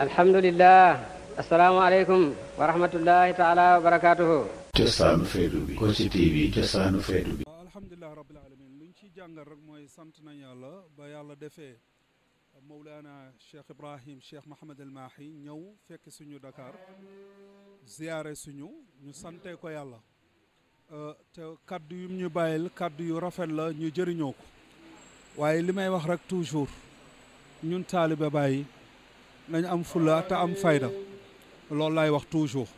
الحمد لله السلام عليكم ورحمة الله تعالى وبركاته جسان فيدو بي كوشي تي بي جسان فيدو الحمد لله رب العالمين من شي جانغر رقم وي سنتنا يالا بايا الله مولانا شيخ إبراهيم شيخ محمد الماحي نيو فيك سنيو دكار زيارة سنيو نيو كو يالا كادو يم نيو رفل نيو جري نيوكو waye limay wax rek toujours ñun nañu am fulla te am fayda loolu laay wax toujours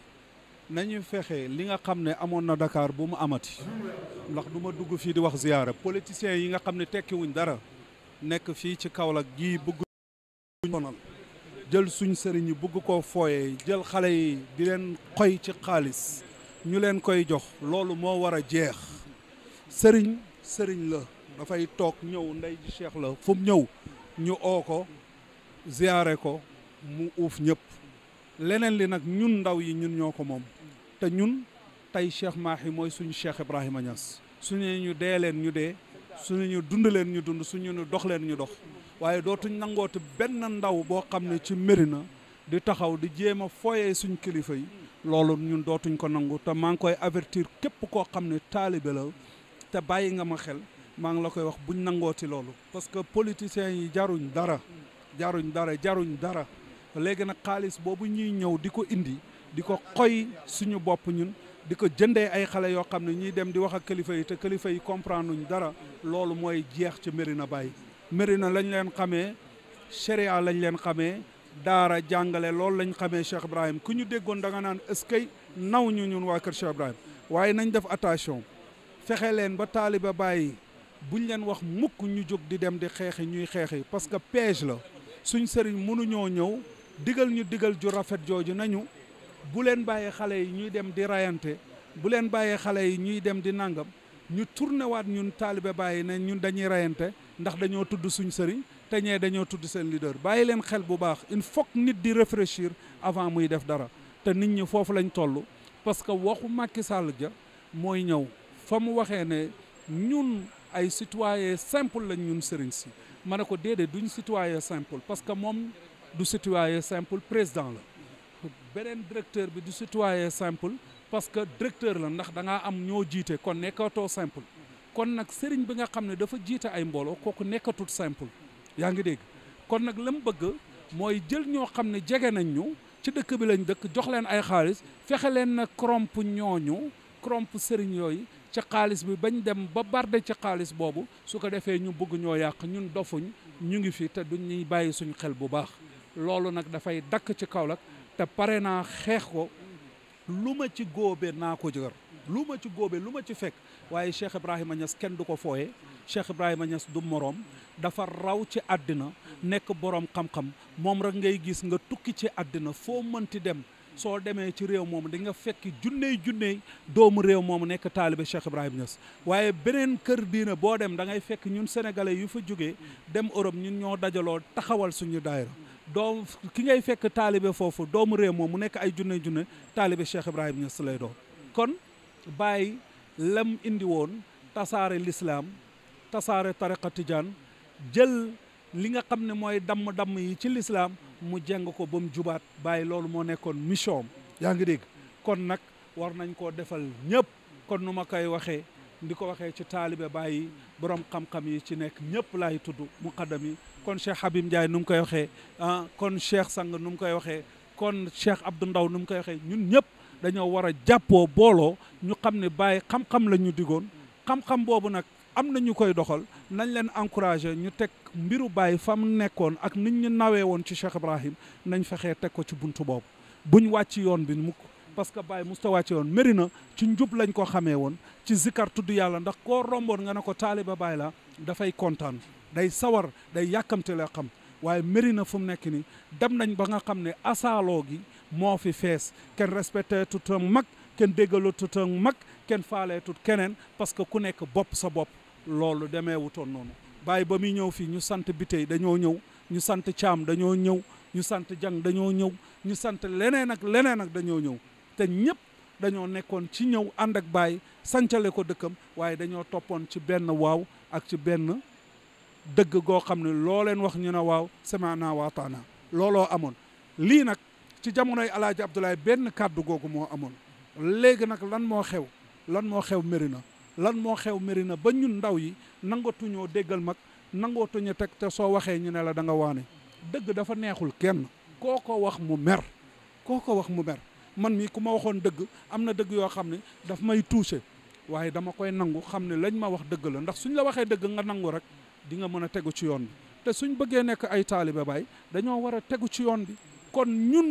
nañu fexe li nga xam ne amoon na Dakar bu mu amati ndax du ma dugg fii di wax ziyaara politiciens yi nga xam ne tekkiwuñ dara nekk fii ci Kaolack gi bëgg sonal jël suñ sëriñ yi bëgg koo fooyee jël xale yi di leen xoy ci xaalis ñu leen koy jox loolu moo war a jeex sëriñ sëriñ la dafay toog ñëw ndey ji cheikh la fum ñëw ñu oo ko ziyaare ko mu uuf ñëpp leneen li nag ñun ndaw yi ñun ñoo ko moom te ñun tey Cheikh Mahi mooy suñu Cheikh Ibrahima Niass suñu ñu dee leen ñu dee suñu ñu dund leen ñu dund suñu ñu dox leen ñu dox waaye dootuñ nangooti benn ndaw boo xam ne ci Médina di taxaw di jéem a fooyee suñ kilifa yi loolu ñun dootuñ ko nangu te maa ngi koy avertir képp koo xam ne taalibe la te bàyyi nga ma xel maa ngi la koy wax buñ nangooti loolu parce que politiciens yi jaruñ dara jaruñ dara jaruñ dara léegi nag xaalis boobu ñuy ñëw di ko indi di ko xoy suñu bopp ñun di ko jëndee ay xale yoo xam ne ñuy dem di wax ak kilifa yi te kilifa yi comprendre ñu dara loolu mooy jeex ci Médina Baye Médina lañ leen xamee sharia lañ leen xamee daara jàngale loolu lañ xamee Cheikh Ibrahim ku ñu déggoon da nga naan est-ce que naw ñu ñun waa kër Cheikh Ibrahim waaye nañ def attention fexe leen ba taaliba bàyyi buñ leen wax mukk ñu jóg di dem di xeexi ñuy xeexi parce que piège la suñ sëriñ mënuñoo ñëw digal ñu digal ju rafet jooju nañu bu leen bàyyee xale yi ñuy dem di rayante bu leen bàyyee xale yi ñuy dem di nangam ñu tourné waat ñun taalibe bàyyi ne ñun dañuy reyante ndax dañoo tudd suñ sëriñ te ñee dañoo tudd seen leader bàyyi leen xel bu baax il faut nit di réfléchir avant muy def dara te nit ñi foofu lañ toll parce que waxu Macky Sall ja mooy ñëw fa mu waxee ne ñun ay citoyen simple lañ ñun sëriñ si ma ne ko déedéet duñ citoyen simple parce que moom du citoyen simple président la beneen directeur bi du citoyen simple parce que directeur la ndax da am ñoo jiite kon nekkatoo simple kon nag sëriñ bi nga xam ne dafa jiite ay mbooloo kooku nekkatut simple yaa ngi dégg kon nag la bëgg mooy jël ñoo xam ne jege nañ ñu ci dëkk bi lañ dëkk jox leen ay xaalis fexe leen na corrompe ñooñu corrompe sëriñ yooyu ci xaalis bi bañ dem ba barde ci xaalis boobu su ko defee ñu bëgg ñoo yàq ñun dofuñu ñu ngi fi te duñ ñuy bàyyi suñ xel bu baax loolu nag dafay dakk ci kaw Kaolack te pare naa xeex ko lu ma ci góobe naa ko jëgër lu ma ci góobe lu ma ci fekk waaye Cheikh Ibrahima ñas kenn du ko fooye Cheikh Ibrahima Niass du moroom dafa raw ci àddina nekk boroom xam-xam moom rek ngay gis nga tukki ci àddina foo mënti dem soo demee ci réew moomu dinga fekk junney junney doomu réew moomu nekk taalibe Cheikh Ibrahima Niass waaye beneen kër diina boo dem da ngay fekk ñun sénégalais yu fa jógee dem Europe ñun ñoo dajaloo taxawal suñu daayira doom ki ngay fekk taalibe foofu doomu réew moo mu nekk ay junne junne taalibe Cheikh Ibrahima Niass lay doon kon bàyyi lam indi woon tasaare lislaam tasaare tariqa tijaan jël li nga xam ne mooy damm-damm yi ci lislaam mu jeng ko ba mu jubaat bàyyi loolu moo nekkoon mission yaa ngi dégg kon nag war nañ koo defal ñëpp kon nu ma koy waxee di ko waxee ci taalibe bàyyi borom xam-xam yi ci nekk ñëpp laay tudd muqaddam yi kon Cheikh Habib Ndiaye nu mu koy waxee ah kon Cheikh Sang nu mu koy waxee kon Cheikh Abdou Ndaw nu mu koy waxee ñun ñëpp dañoo war a jàppoo booloo ñu xam ne bàyyi xam-xam la ñu digoon xam-xam boobu nag am na ñu koy doxal nañ leen encouragé ñu teg mbiru bàyyi fa mu nekkoon ak nit ñu nawee woon ci Cheikh Ibrahim nañ fexe teg ko ci buntu boobu buñ wàcc yoon bi mukk parce que Baye musta wàcce woon mari na ci njub lañ ko xamee woon ci zikar tudd yàlla ndax koo romboon nga ne ko taaliba Baye la dafay kontaan day sawar day yàkkamte la xam waaye Médina fu mu nekk nii dem nañ ba nga xam ne asaaloo gi moo fi fees kenn respecté tut a mag kenn déggalu tut a mag kenn faalee tut keneen parce que ku nekk bopp sa bopp loolu demee wutoon noonu bàyyi ba muy ñëw fii ñu sant Bitey dañoo ñëw ñu sant Caam dañoo ñëw ñu sant Jang dañoo ñëw ñu sant leneen ak leneen ak dañoo ñëw te ñëpp dañoo nekkoon ci ñëw ànd ak Baye sancale ko dëkkam waaye dañoo toppoon ci benn waaw ak ci benn dëgg goo xam ne loo leen wax ñu ne waaw samaana waataana looloo amoon lii nag ci jamonoy alaaji Abdoulaye benn kàddu googu moo amoon léegi nag lan moo xew lan moo xew Médina lan moo xew Médina ba ñun ndaw yi nangatuñoo déggal mag nangootuñu teg te soo waxee ñu ne la da nga waane dëgg dafa neexul kenn koo ko wax mu mer koo ko wax mu mer man mii ku ma waxoon dëgg am na dëgg yoo xam ne dafa may touché waaye dama koy nangu xam ne lañ ma wax dëgg la ndax suñ la waxee dëgg nga nangu rek dinga nga mën a tegu ci yoon bi te suñ bëggee nekk ay taalibe baay dañoo war a tegu ci yoon bi kon ñun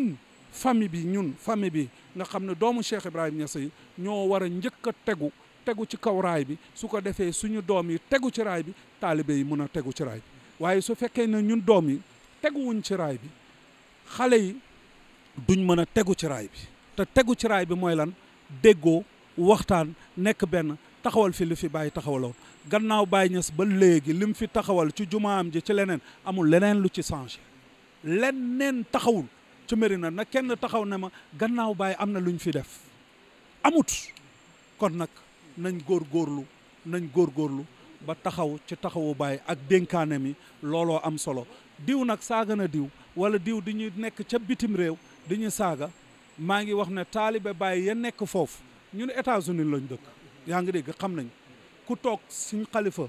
famille bi ñun famille bi nga xam ne doomu Cheikh Ibrahima Niass yi ñoo war a njëkk a tegu tegu ci kaw raay bi su ko defee suñu doom yi tegu ci raay bi taalibe yi mun a tegu ci raay bi waaye su fekkee ne ñun doom yi teguwuñ ci bi xale yi duñ mën a tegu ci bi te tegu ci raay bi mooy lan déggoo waxtaan nekk benn taxawal fi lu fi bàyyi taxawaloon gannaaw Baye si ba léegi mu fi taxawal ci jumaam ji ci leneen amul leneen lu ci changé leneen taxawul ci Médina na kenn taxaw ne ma gannaaw baay am na lu ñu fi def amut kon nag nañ góor góorlu nañ góor góorlu ba taxaw ci taxawu baay ak dénkaane mi looloo am solo diw nag saaga na diw wala diw di ñu nekk ca bitim réew di ñu saaga maa ngi wax ne taalibe Baye ya nekk foofu ñun États-Unis lañ dëkk yaa ngi dégg xam nañ ku toog suñ xalifa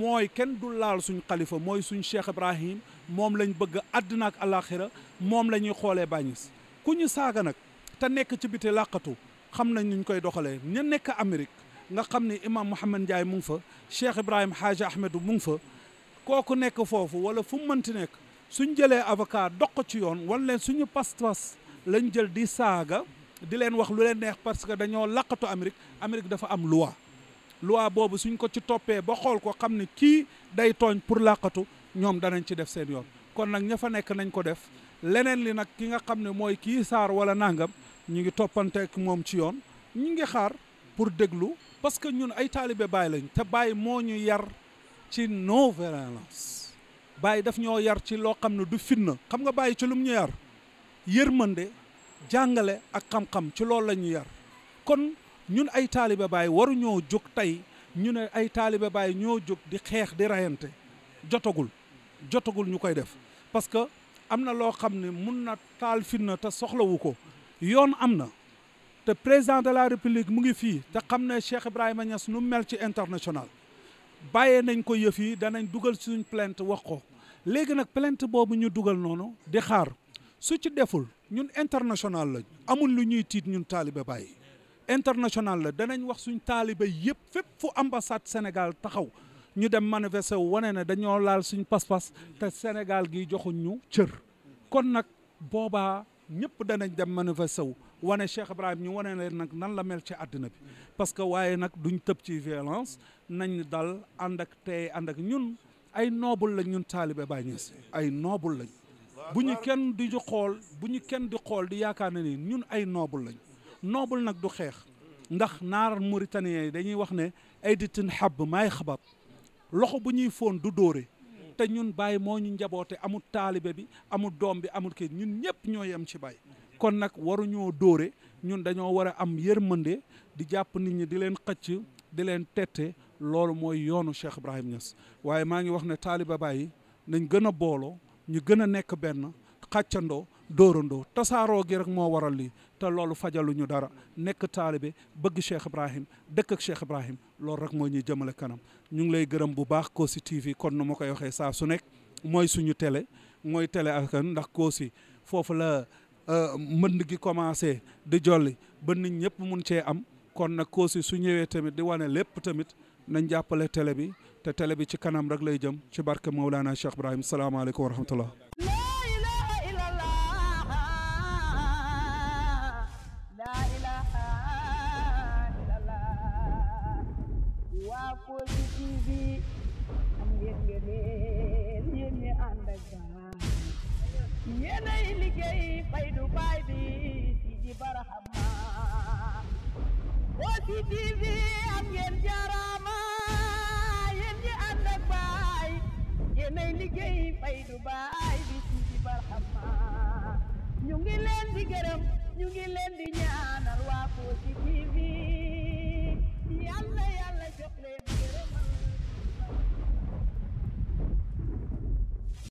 mooy kenn du laal suñ xalifa mooy suñ Cheikh Ibrahim moom lañ bëgg àddina ak moom la ñuy xoolee bàññis ku ñu saaga nag te nekk ci biti làqatu xam nañ nuñ koy doxalee ña nekk Amérique nga xam ni imam Mouhamed Ndiaye mu ngi fa Cheikh Ibrahim Hadj Ahmedou mu ngi fa kooku nekk foofu wala fu mu mënti nekk suñ jëlee avocat dox ci yoon wan suñu pas-pas lañ jël di saaga di leen wax lu leen neex parce que dañoo làqatu Amérique Amérique dafa am loi loi boobu suñ ko ci toppee ba xool ko xam ne kii day tooñ pour làqatu ñoom danañ ci def seen yoon kon nag ña fa nekk nañ ko def leneen li nag ki nga xam ne mooy kii saar wala nangam ñu ngi toppante ak moom ci yoon ñu ngi xaar pour déglu parce que ñun ay taalibe baay lañ te baay moo ñu yar ci non violence baay daf ñoo yar ci loo xam ne du fitna xam nga baay ci lum ñu yar yërmande jàngale ak xam-xam ci loolu lañu ñu yar ñun ay taalibe baay waruñoo jóg tey ñu ne ay taalibe baay ñoo jóg di xeex di reyante jotagul jotagul ñu koy def parce que am na loo xam ne mun na taal fin na te soxlawu ko yoon am na te président de la république mu ngi fii te xam ne Cheikh Ibrahima Niass nu mel ci international bàyyee nañ ko yëf yi danañ dugal suñ plainte wax ko léegi nag plainte boobu ñu dugal noonu di xaar su ci deful ñun international la amul lu ñuy tiit ñun taalibe bàyyi international la danañ wax suñ taaliba yëpp fépp fu ambassade Sénégal taxaw ñu dem manifester wu wane ne dañoo laal suñ pas-pas te Sénégal gi joxuñ ñu cër kon nag boobaa ñëpp danañ dem manifester wu wane Cheikh Ibrahim ñu wane leen nag nan la mel ci àddina bi parce que waaye nag duñ tëb ci violence nañ dal ànd ak te ànd ak ñun ay noobul lañ ñun taalibe Baay Ñas ay noobul lañ bu ñu kenn di xool bu ñu kenn di xool di yaakaar na ni ñun ay noobul lañ noobul nag du xeex ndax naar mauritanien yi dañuy wax ne ay ditin xabb maay xabar loxo bu ñuy foon du dóore te ñun bàyyi moo ñu njaboote amul taalibe bi amul doom bi amul kii ñun ñëpp ñoo yem ci bàyyi kon nag waruñoo dóore ñun dañoo war a am yërmande di jàpp nit ñi di leen xëcc di leen tette loolu mooy yoonu Cheikh Ibrahim Niass waaye maa ngi wax ne taalibe bàyyi dañ gën a booloo ñu gën a nekk benn xàccandoo dóorandoo tasaaroo gi rek moo waral lii te loolu fajaluñu dara nekk taalibe bëgg Cheikh Ibrahim dëkk ak Cheikh Ibrahim loolu rek moo ñuy jëmale kanam ñu ngi lay gërëm bu baax Kossy TV kon nu ma koy waxee saa su nekk mooy suñu tele mooy tele askan ndax Kossy foofu la euh, mbënd gi commencé di jolli ba nit ñëpp mun cee am kon nag Kossy su ñëwee tamit di wane lépp tamit nañ jàppale télé bi te tele bi ci kanam rek lay jëm ci barke Mawlana Cheikh Ibrahim salaamaaleykum wa Kossy TV am ngeen ngeen yéen ñi ànd ak baay yéenay liggéey faydu baay bi si ji barahama Kossy TV am ngeen jaaraama yéen ñi ànd ak baay yéenay liggéey faydu bi si ji barahama ñu leen di gërëm ñu leen di ñaanal waa Kossy TV yàlla yàlla jot leen